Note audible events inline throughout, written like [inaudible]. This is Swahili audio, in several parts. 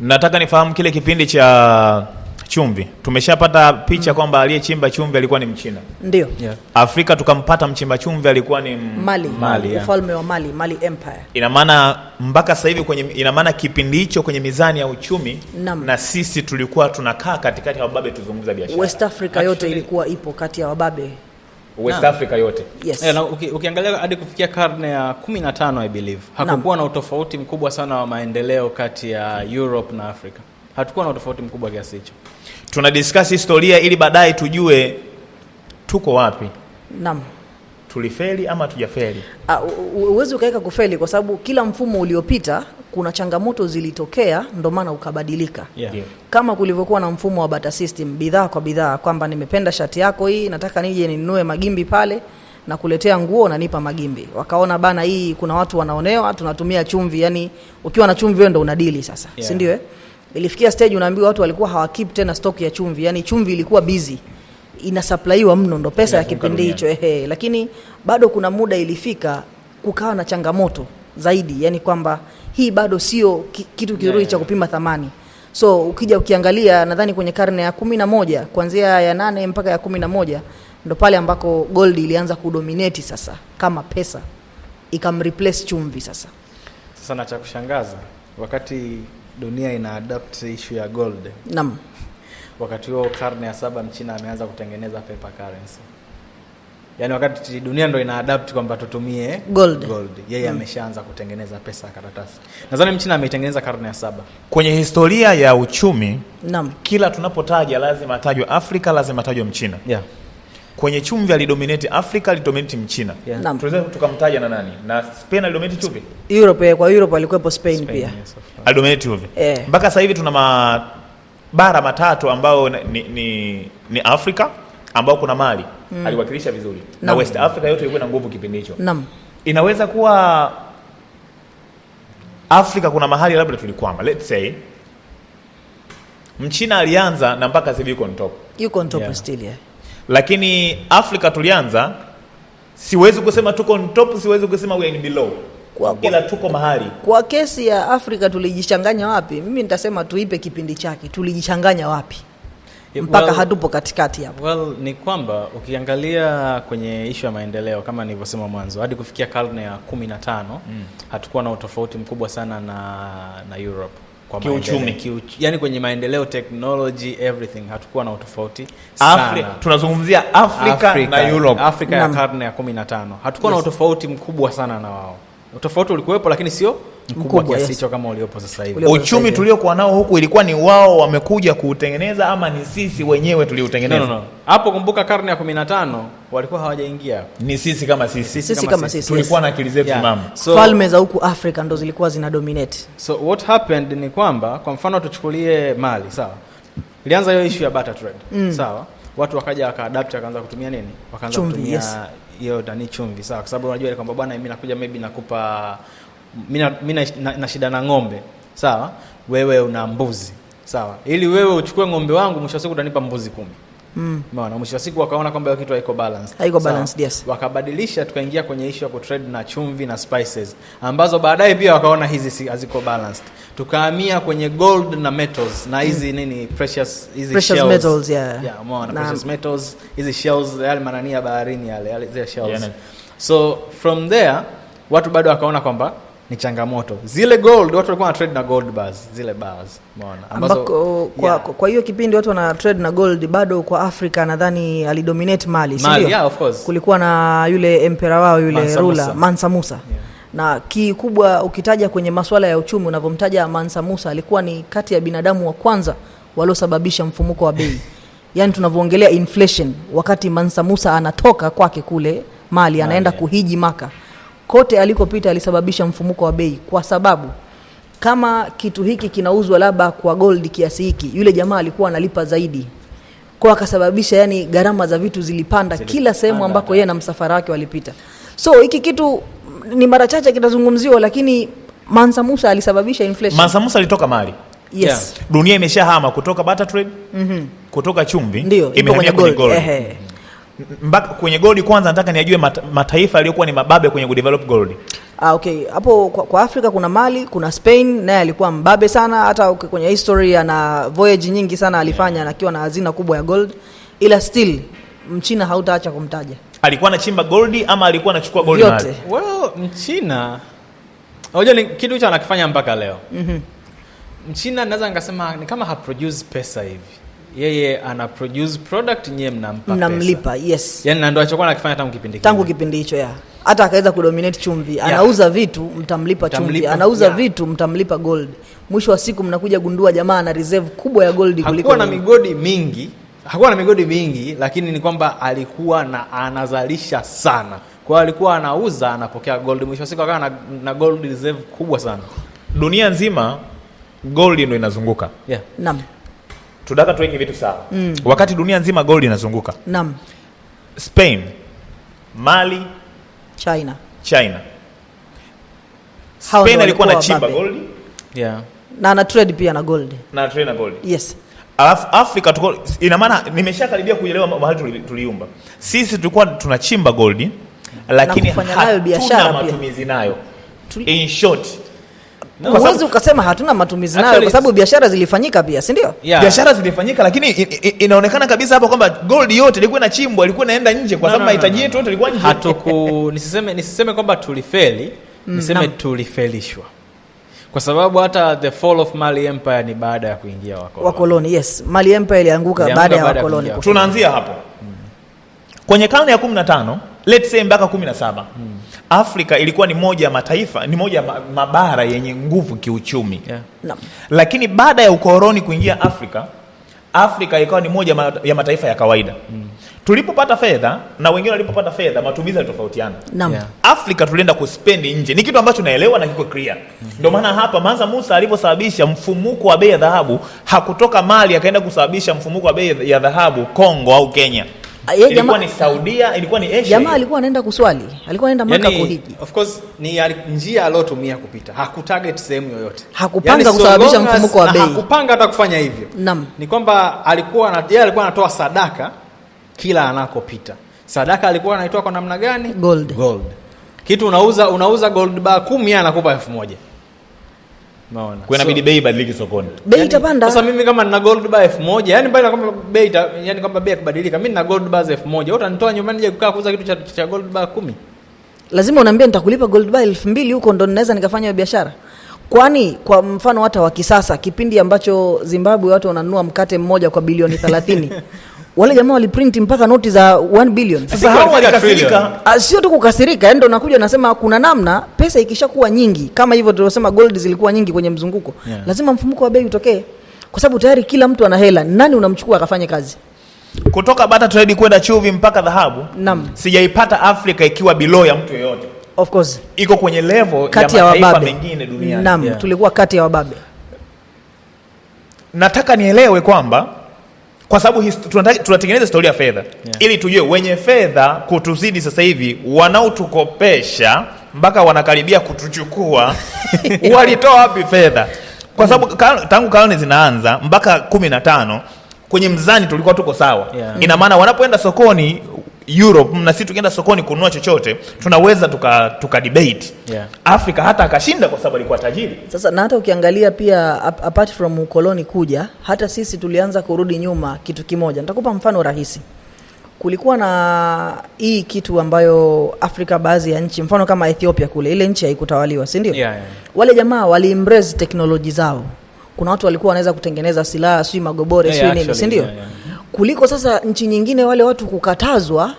nataka nifahamu kile kipindi cha chumvi tumeshapata picha mm. kwamba aliyechimba chumvi alikuwa ni Mchina ndio yeah. Afrika tukampata mchimba chumvi alikuwa ni Mali, Mali yeah. Ufalme wa Mali, Mali Empire. Ina maana mpaka sasa hivi kwenye, ina maana kipindi hicho kwenye mizani ya uchumi Nam. na sisi tulikuwa tunakaa katikati ya wababe tuzungumza biashara. West Africa yote ilikuwa ipo kati ya wababe West Africa yote. Yes. Yeah, na uki, ukiangalia hadi kufikia karne ya 15 I believe hakukuwa na utofauti mkubwa sana wa maendeleo kati ya Europe na Africa. Hatukuwa na utofauti mkubwa kiasi hicho. Tuna discuss historia ili baadaye tujue tuko wapi. Naam. Tulifeli ama tujafeli? Ah, uwezi ukaweka kufeli kwa sababu kila mfumo uliopita kuna changamoto zilitokea, ndo maana ukabadilika. yeah. Yeah. Kama kulivyokuwa na mfumo wa bata system, bidhaa kwa bidhaa, kwamba nimependa shati yako hii, nataka nije ninunue magimbi pale na kuletea nguo nanipa magimbi. Wakaona bana, hii kuna watu wanaonewa, tunatumia chumvi. Yani ukiwa na chumvi wewe ndo unadili sasa, yeah. si ndio? Eh? Ilifikia stage unaambiwa watu walikuwa hawakip tena stock ya chumvi, yani chumvi ilikuwa busy inasaplaiwa mno, ndo pesa yeah, ya kipindi hicho ehe. Lakini bado kuna muda ilifika kukawa na changamoto zaidi, yani kwamba hii bado sio kitu kizuri yeah, cha kupima thamani. So ukija ukiangalia, nadhani kwenye karne ya kumi na moja kuanzia ya nane mpaka ya kumi na moja ndo pale ambako gold ilianza kudominati sasa kama pesa, ikamreplace chumvi sasa. Sasa na cha kushangaza, wakati dunia ina adapt ishu ya gold, naam, wakati huo karne ya saba Mchina ameanza kutengeneza paper currency yani wakati dunia ndo ina adapt kwamba tutumie gold, gold. Yeye mm. ameshaanza kutengeneza pesa ya karatasi. Nadhani mchina ameitengeneza karne ya saba. Kwenye historia ya uchumi Nam. kila tunapotaja lazima atajwe Afrika, lazima atajwe mchina yeah. Kwenye chumvi alidominate Afrika, alidominate mchina yeah. Tunaweza tukamtaja na nani? Na Spain alidominate chumvi Europe, kwa Europe alikuwepo Spain, Spain pia yes, alidominate chumvi yeah. Mpaka sasa hivi tuna mabara matatu ambayo ni, ni, ni Afrika ambao kuna Mali mm. aliwakilisha vizuri Nam. na West Africa yote ilikuwa na nguvu kipindi hicho inaweza kuwa Afrika kuna mahali labda tulikwama, let's say Mchina alianza na mpaka sasa yuko on top, yuko on top yeah. still yeah. Lakini Afrika tulianza, siwezi kusema tuko on top, siwezi kusema we are below kwa, ila tuko mahali. Kwa kesi ya Afrika tulijichanganya wapi? Mimi nitasema tuipe kipindi chake, tulijichanganya wapi? mpaka well, hatupo katikati hapo. Well, ni kwamba ukiangalia kwenye ishu ya maendeleo kama nilivyosema mwanzo, hadi kufikia karne ya kumi na tano mm. hatukuwa na utofauti mkubwa sana na, na Europe kwa kiuchumi kiuch... yani kwenye maendeleo technology everything hatukuwa na utofauti sana. tunazungumzia Afrika, Afrika na Europe. Afrika ya karne ya 15 hatukuwa yes. na utofauti mkubwa sana na wao. Utofauti ulikuwepo lakini sio mkubwa kiasi hicho yes. Kama uliopo sasa hivi uchumi tuliokuwa nao huku ilikuwa ni wao wamekuja kuutengeneza ama ni sisi wenyewe tuliutengeneza? No, no, no. Hapo kumbuka, karne ya 15 walikuwa hawajaingia, ni sisi kama sisi, sisi, sisi kama sisi, sisi. tulikuwa yes. na akili zetu yeah. mama so, falme za huku Afrika ndo zilikuwa zina dominate. So what happened ni kwamba kwa mfano tuchukulie Mali, sawa, ilianza hiyo issue ya barter trade mm. sawa, watu wakaja wakaadapt wakaanza kutumia nini, wakaanza kutumia hiyo yes. nani chumvi, sawa, kwa sababu unajua kwamba bwana, mimi nakuja maybe nakupa mi na, na shida na ng'ombe sawa, wewe una mbuzi sawa, ili wewe uchukue ng'ombe wangu, mwisho wa siku utanipa mbuzi kumi. Mm. Maana mwisho wa siku wakaona kwamba hiyo kitu haiko balance. Haiko balance, yes. Wakabadilisha tukaingia kwenye issue ya kutrade na chumvi na spices ambazo baadaye pia wakaona hizi haziko balanced. Tukahamia kwenye gold na metals na mm. hizi mm. nini precious hizi precious shells. metals yeah. Yeah, maana precious metals hizi shells yale manania baharini yale yale zile shells. Yeah, so from there watu bado wakaona kwamba ni changamoto. Zile gold watu walikuwa na trade na gold bars, zile bars umeona, ambazo kwa yeah. Kwa hiyo kipindi watu wana trade na gold bado kwa Afrika nadhani alidominate Mali, Mali sio? Yeah, of course. Kulikuwa na yule emperor wao yule Mansa ruler Musa. Mansa Musa yeah na kikubwa ukitaja kwenye masuala ya uchumi unavyomtaja Mansa Musa alikuwa ni kati ya binadamu wa kwanza waliosababisha mfumuko wa bei [laughs] yaani tunavyoongelea inflation wakati Mansa Musa anatoka kwake kule Mali anaenda kuhiji Maka kote alikopita alisababisha mfumuko wa bei, kwa sababu kama kitu hiki kinauzwa labda kwa gold kiasi hiki, yule jamaa alikuwa analipa zaidi kwa, akasababisha yani gharama za vitu zilipanda, Zili, kila sehemu ambako yeye na msafara wake walipita. So hiki kitu ni mara chache kitazungumziwa, lakini Mansa Musa alisababisha inflation. Mansa Musa alitoka mali Yes. Yeah. Dunia imeshahama kutoka butter trade, mm -hmm. kutoka chumvi imehamia kwenye gold mpaka kwenye gold kwanza nataka niajue mata, mataifa yaliyokuwa ni mababe kwenye kudevelop gold. Ah, okay. Hapo kwa, kwa Afrika kuna Mali, kuna Spain naye alikuwa mbabe sana hata kwenye history ana voyage nyingi sana alifanya akiwa na hazina kubwa ya gold ila still Mchina hautaacha kumtaja. Alikuwa anachimba gold ama alikuwa anachukua gold yote? Well, Mchina hoja ni kitu hicho anakifanya mpaka leo. Mhm. Mm Mchina naweza nikasema ni kama produce pesa hivi yeye ana produce product nyie mnampa mnamlipa yes yani na ndio alichokuwa anakifanya tangu kipindi tangu kipindi hicho ya hata akaweza kudominate chumvi yeah. anauza vitu mtamlipa, mtamlipa chumvi anauza yeah. vitu mtamlipa gold mwisho wa siku mnakuja gundua jamaa ana reserve kubwa ya gold kuliko na migodi mingi hakuwa na migodi mingi lakini ni kwamba alikuwa na anazalisha sana kwa alikuwa anauza anapokea gold mwisho wa siku akawa na, na gold reserve kubwa sana dunia nzima gold ndio inazunguka yeah. Naam tunataka tuweke vitu sawa mm. Wakati dunia nzima gold inazunguka naam, Spain, Mali, China, China. Spain alikuwa na anachimba gold yeah, na ana trade pia na gold na trade na gold yes. Alafu Afrika tuko, ina maana nimeshakaribia kuelewa mahali tuliumba sisi, tulikuwa tunachimba gold lakini hatuna matumizi nayo in short uwezi Huwezi ukasema hatuna matumizi nayo kwa sababu biashara zilifanyika pia, si ndio? Yeah. Biashara zilifanyika lakini inaonekana kabisa hapo kwamba gold yote ilikuwa inachimbwa, ilikuwa inaenda nje kwa sababu mahitaji yetu yote ilikuwa nje. Hatuku [laughs] nisiseme nisiseme kwamba tulifeli, mm, niseme tulifelishwa kwa sababu hata the fall of Mali Empire ni baada ya kuingia wakoloni. Wakoloni, yes. Mali Empire ilianguka baada ya wakoloni. Tunaanzia hapo. Mm. Kwenye karne ya 15 let's say mpaka 17. Hmm. Afrika ilikuwa ni moja ya mataifa, ni moja ya mabara yenye nguvu kiuchumi. Yeah. No. Lakini baada ya ukoloni kuingia Afrika, Afrika ikawa ni moja ya mataifa ya kawaida. Hmm. Tulipopata fedha na wengine walipopata fedha, matumizi yalitofautiana. Yeah. Afrika tulienda kuspendi nje, ni kitu ambacho naelewa na kiko clear. Mm -hmm. Ndio maana hapa Mansa Musa aliposababisha mfumuko wa bei ya dhahabu hakutoka Mali akaenda kusababisha mfumuko wa bei ya dhahabu Kongo au Kenya. Ah, ilikuwa ni Saudia, ilikuwa ni Asia. Jamaa alikuwa anaenda kuswali, alikuwa anaenda Maka yani, kuhiji. Of course ni njia alotumia kupita. Hakutarget sehemu yoyote. Hakupanga yani, kusababisha mfumuko wa bei. Hakupanga hata kufanya hivyo. Naam. Ni kwamba alikuwa na, yeye alikuwa anatoa sadaka kila anakopita. Sadaka alikuwa anaitoa kwa namna gani? Gold. Gold. Kitu unauza unauza gold bar 10 anakupa 1000 naona Kwa inabidi so, bei ibadilike sokoni. Bei itapanda. sasa mimi kama nina gold bar 1000, yani mbali kama bei ita yani kama bei kubadilika, mimi nina gold bar 1000. Wewe utanitoa nyumbani nje kukaa kuuza kitu cha, cha gold bar 10? Lazima unaambia nitakulipa gold bar 2000 huko ndo ninaweza nikafanya biashara. Kwani kwa mfano hata wa kisasa, kipindi ambacho Zimbabwe watu wananunua mkate mmoja kwa bilioni 30 [laughs] wale jamaa waliprinti mpaka noti za 1 billion. Sasa hao walikasirika, ah, sio tu kukasirika, yani ndio nakuja nasema kuna namna pesa ikishakuwa nyingi kama hivyo tulivyosema, gold zilikuwa nyingi kwenye mzunguko yeah. Lazima mfumuko wa bei utokee, kwa sababu tayari kila mtu ana hela. Nani unamchukua akafanye kazi? Kutoka Bata Trade kwenda Chuvi mpaka dhahabu, naam, sijaipata Afrika ikiwa below ya mtu yeyote. Of course iko kwenye level kati ya mataifa mengine duniani. Naam, yeah. Tulikuwa kati ya wababe. Nataka nielewe kwamba kwa sababu tunatengeneza historia ya fedha yeah, ili tujue wenye fedha kutuzidi sasa hivi wanaotukopesha mpaka wanakaribia kutuchukua [laughs] walitoa wapi fedha? Kwa sababu mm. tangu karne zinaanza mpaka kumi na tano kwenye mzani tulikuwa tuko sawa, yeah. Ina maana wanapoenda sokoni Europe na sisi tukienda sokoni kununua chochote tunaweza tuka, tuka debate yeah. Afrika hata akashinda kwa sababu alikuwa tajiri. Sasa na hata ukiangalia pia apart from ukoloni kuja, hata sisi tulianza kurudi nyuma kitu kimoja. Nitakupa mfano rahisi. Kulikuwa na hii kitu ambayo Afrika baadhi ya nchi mfano kama Ethiopia kule, ile nchi haikutawaliwa, si ndio? yeah, yeah. Wale jamaa wali embrace teknoloji zao. Kuna watu walikuwa wanaweza kutengeneza silaha, sio magobore, sio nini, si ndio? kuliko sasa nchi nyingine wale watu kukatazwa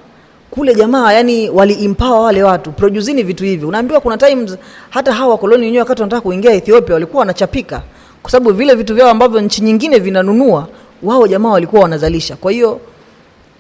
kule jamaa, yani wali empower wale watu produzini vitu hivi. Unaambiwa kuna times hata hawa wakoloni wenyewe wakati wanataka kuingia Ethiopia walikuwa wanachapika, kwa sababu vile vitu vyao ambavyo nchi nyingine vinanunua, wao jamaa walikuwa wanazalisha. Kwa hiyo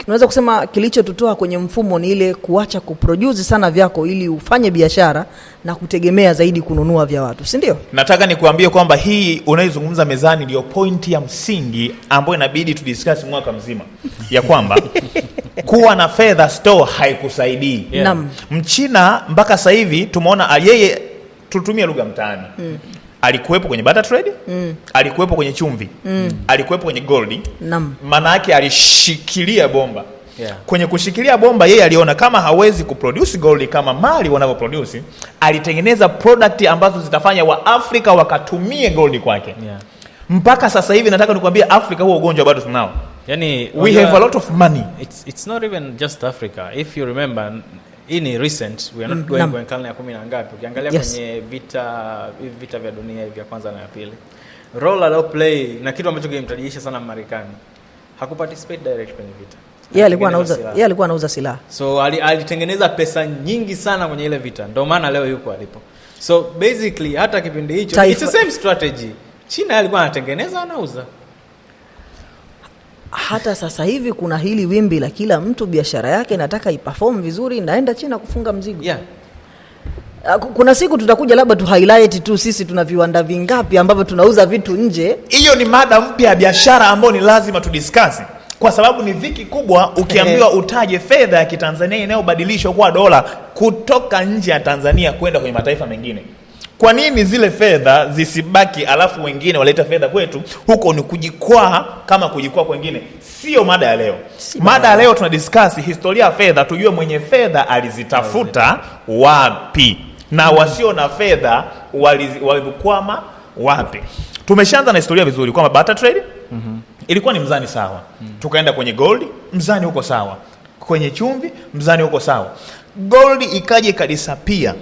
Unaweza kusema kilichotutoa kwenye mfumo ni ile kuacha kuproduce sana vyako ili ufanye biashara na kutegemea zaidi kununua vya watu, si ndio? Nataka nikuambie kwamba hii unayozungumza mezani ndio pointi ya msingi ambayo inabidi tudiscuss mwaka mzima ya kwamba [laughs] kuwa na fedha store haikusaidii. Yeah. Mchina mpaka sasa hivi tumeona yeye, tutumie lugha mtaani mm alikuwepo kwenye butter trade mm. alikuwepo kwenye chumvi mm. alikuwepo kwenye gold. Naam, maana yake alishikilia bomba yeah. Kwenye kushikilia bomba, yeye aliona kama hawezi kuproduce gold kama Mali wanavyoproduce, alitengeneza product ambazo zitafanya Waafrika wakatumie gold kwake yeah. Mpaka sasa hivi nataka nikwambie, Afrika huo ugonjwa bado tunao. Yani, we have a lot of money. It's, it's not even just Africa. If you remember hii ni recent we are not mm, going kwenye karne ya kumi na ngapi. Ukiangalia yes. kwenye vita hivi vita vya dunia vya kwanza na ya pili, role alio play na kitu ambacho kimemtajisha sana Marekani, hakuparticipate direct kwenye vita yeye alikuwa anauza yeye alikuwa anauza silaha, so alitengeneza ali pesa nyingi sana kwenye ile vita, ndio maana leo yuko alipo. So basically hata kipindi hicho it's the same strategy, China alikuwa anatengeneza anauza hata sasa hivi kuna hili wimbi la kila mtu biashara yake nataka iperform vizuri, naenda China kufunga mzigo yeah. Ah, kuna siku tutakuja labda tu highlight tu sisi tuna viwanda vingapi ambavyo tunauza vitu nje. Hiyo ni mada mpya ya biashara ambayo ni lazima tudiskasi kwa sababu ni dhiki kubwa ukiambiwa utaje fedha ya kitanzania inayobadilishwa kuwa dola kutoka nje ya Tanzania kwenda kwenye mataifa mengine. Kwa nini zile fedha zisibaki, alafu wengine waleta fedha kwetu? Huko ni kujikwaa kama kujikwaa kwengine. Sio mada ya leo. Mada ya leo tuna historia ya fedha, tujue mwenye fedha alizitafuta wapi na wasio na fedha walikwama wapi. Tumeshaanza na historia vizuri kwamba barter trade mm -hmm. ilikuwa ni mzani sawa mm -hmm. tukaenda kwenye gold, mzani huko sawa, kwenye chumvi, mzani huko sawa, gold ikaja ikadisapia,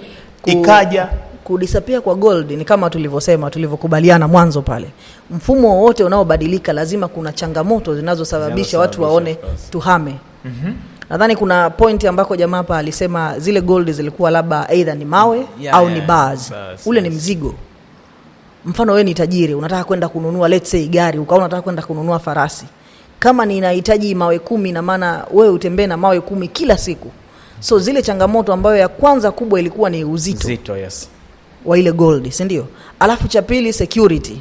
ikaja kudisapia kwa gold ni kama tulivyosema, tulivyokubaliana mwanzo pale, mfumo wowote unaobadilika lazima kuna changamoto zinazosababisha watu waone tuhame. mm -hmm. Nadhani kuna point ambako jamaa hapa alisema zile gold zilikuwa labda either ni mawe yeah, au yeah, ni bars. Bars, ule yes. ni mzigo. Mfano wewe ni tajiri unataka kwenda kununua let's say gari, ukaona unataka kwenda kununua farasi, kama ninahitaji mawe kumi, na maana wewe utembee na mawe kumi kila siku. So zile changamoto ambayo ya kwanza kubwa ilikuwa ni uzito. Zito, yes wa ile gold, si ndio? Alafu cha pili security,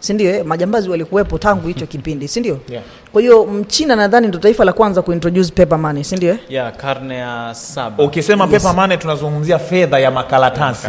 si ndio? Eh, majambazi walikuwepo tangu hicho [laughs] kipindi, si ndio? Yeah. Kwa hiyo Mchina nadhani ndo taifa la kwanza kuintroduce paper money, si ndio? Eh, yeah, karne ya saba. Ukisema okay, yes. Paper money tunazungumzia fedha ya makaratasi.